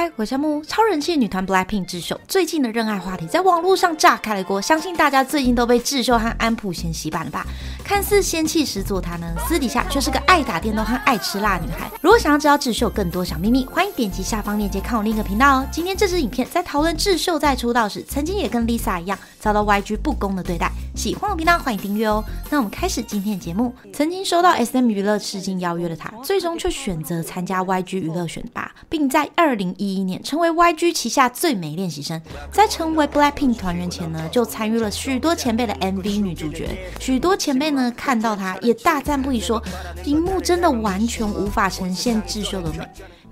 嗨，我是夏慕，超人氣女團 BLACKPINK 智秀最近的熱愛話題在網絡上炸開了鍋，相信大家最近都被智秀和安普賢洗版了吧？看似仙氣十足，她呢私底下卻是個愛打電動和愛吃辣女孩。如果想要知道智秀更多小秘密，歡迎點擊下方鏈接看我另一個頻道哦。今天這支影片在討論智秀在出道時曾經也跟 Lisa 一樣遭到 YG 不公的對待。喜歡我頻道歡迎訂閱哦。那我們開始今天的節目。曾經收到 SM 娛樂試鏡邀約的她，最終卻選擇參加 YG 娛樂選拔，並在2011年成為 YG 旗下最美練習生。在成為 Blackpink 團員前呢，就參與了許多前輩的 MV 女主角。許多前輩呢看到她也大讚不已，說熒幕真的完全無法呈現智秀的美。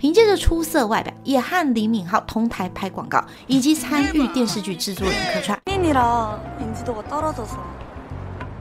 憑借着出色外表，也和李敏鎬同台拍廣告，以及參與電視劇制作人客串。你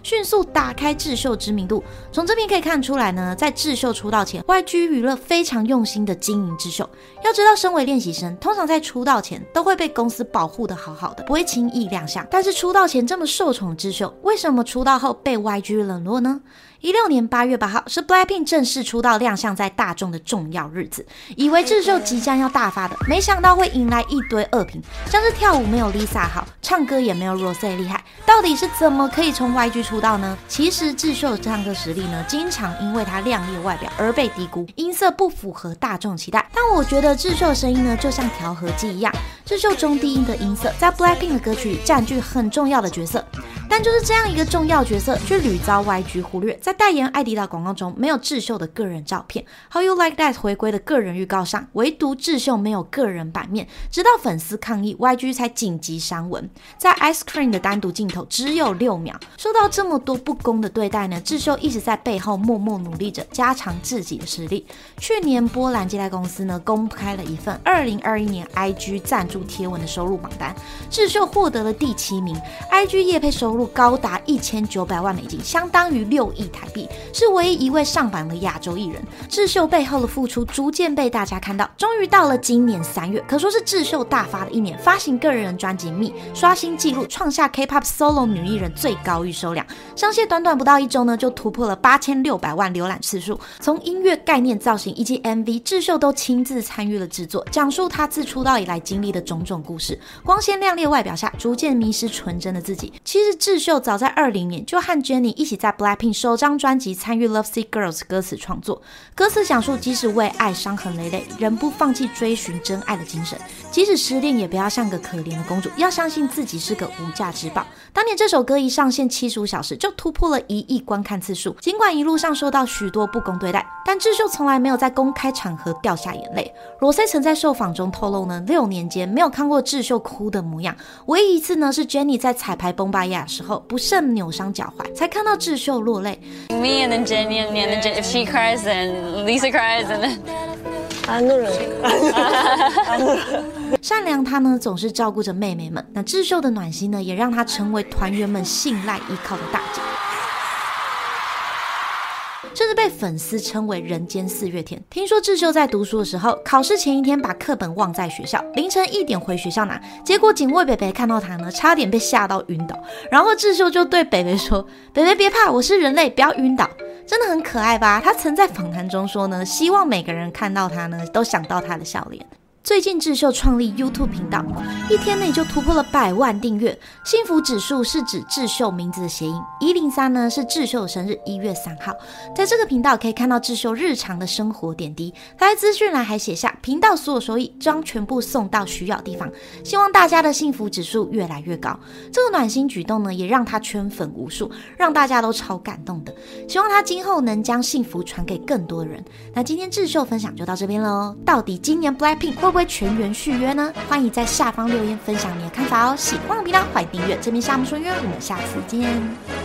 迅速打開智秀知名度，從這邊可以看出來呢，在智秀出道前，YG 娛樂非常用心的經營智秀。要知道，身為練習生，通常在出道前都會被公司保護得好好的，不會輕易亮相。但是出道前這麼受寵智秀，為什麼出道後被 YG 冷落呢？一六年八月八號是 Blackpink 正式出道亮相在大眾的重要日子，以為智秀即將要大發的，沒想到會迎來一堆惡評，像是跳舞沒有 Lisa 好，唱歌也沒有 Rosé 厲害，到底是怎麼可以從 YG 出道呢？其實智秀的唱歌實力呢，經常因為他靚麗外表而被低估，音色不符合大眾期待。但我覺得智秀的聲音呢，就像調和劑一樣，智秀中低音的音色在 Blackpink 的歌曲裡佔據很重要的角色。但就是這樣一個重要角色，卻屢遭 YG 忽略。在代言愛迪達廣告中，沒有智秀的個人照片；How You Like That 回歸的個人預告上，唯獨智秀沒有個人版面。直到粉絲抗議，YG 才緊急刪文。在 Ice Cream 的單獨鏡頭只有六秒。受到這麼多不公的對待呢，智秀一直在背後默默努力着，加強自己的實力。去年波蘭借貸公司呢，公開了一份2021年 IG 贊助貼文的收入榜單，智秀獲得了第七名。IG 業配收入，高達一千九百萬美金，相當於六億台幣，是唯一一位上榜的亞洲藝人。智秀背後的付出逐漸被大家看到，終於到了今年三月，可說是智秀大發的一年。發行個人專輯《ME》，刷新紀錄，創下 K-pop solo 女藝人最高預收量。上線短，短短不到一周呢，就突破了八千六百萬瀏覽次數。從音樂概念、造型以及 MV，智秀都親自參與了製作，講述她自出道以來經歷的種種故事。光鮮亮麗外表下，逐漸迷失純真的自己。其實。智秀早在二零年就和 Jennie 一起在 Blackpink 首張專輯參與 Love Sick Girls 歌詞創作，歌詞講述即使為愛傷痕累累，仍不放棄追尋真愛的精神；即使失戀，也不要像個可憐的公主，要相信自己是個無價之寶。當年這首歌一上線，七十五小時就突破了一億觀看次數。儘管一路上受到許多不公對待，但智秀從來沒有在公開場合掉下眼淚。Rosé 曾在受訪中透露呢，六年間沒有看過智秀哭的模樣，唯一一次呢是 Jennie 在彩排崩巴亞時候不慎扭傷腳踝，才看到智秀落淚。善良她呢總是照顧着妹妹們，那智秀的暖心呢也讓她成為團員們信賴依靠的大姐。甚至被粉絲稱為“人間四月天”。聽說智秀在讀書的時候，考試前一天把課本忘在學校，凌晨一點回學校拿，結果警衛北北看到他呢，差點被嚇到暈倒。然後智秀就對北北說：“北北別怕，我是人類，不要暈倒，真的很可愛吧？”他曾在訪談中說呢，希望每個人看到他呢，都想到他的笑臉。最近智秀創立 YouTube 頻道，一天內就突破了百萬訂閱。幸福指數是指智秀名字的諧音，一零三呢是智秀生日，一月三號。在這個頻道可以看到智秀日常的生活點滴。他在資訊欄還寫下頻道所有收益將全部送到需要地方，希望大家的幸福指數越來越高。這個暖心舉動呢，也讓他圈粉無數，讓大家都超感動的。希望他今後能將幸福傳給更多人。那今天智秀分享就到這邊嘍。到底今年 Blackpink 會全員續約呢？歡迎在下方留言分享你的看法哦！喜歡的頻道歡迎訂閱，這邊夏慕說音樂，我們下次見。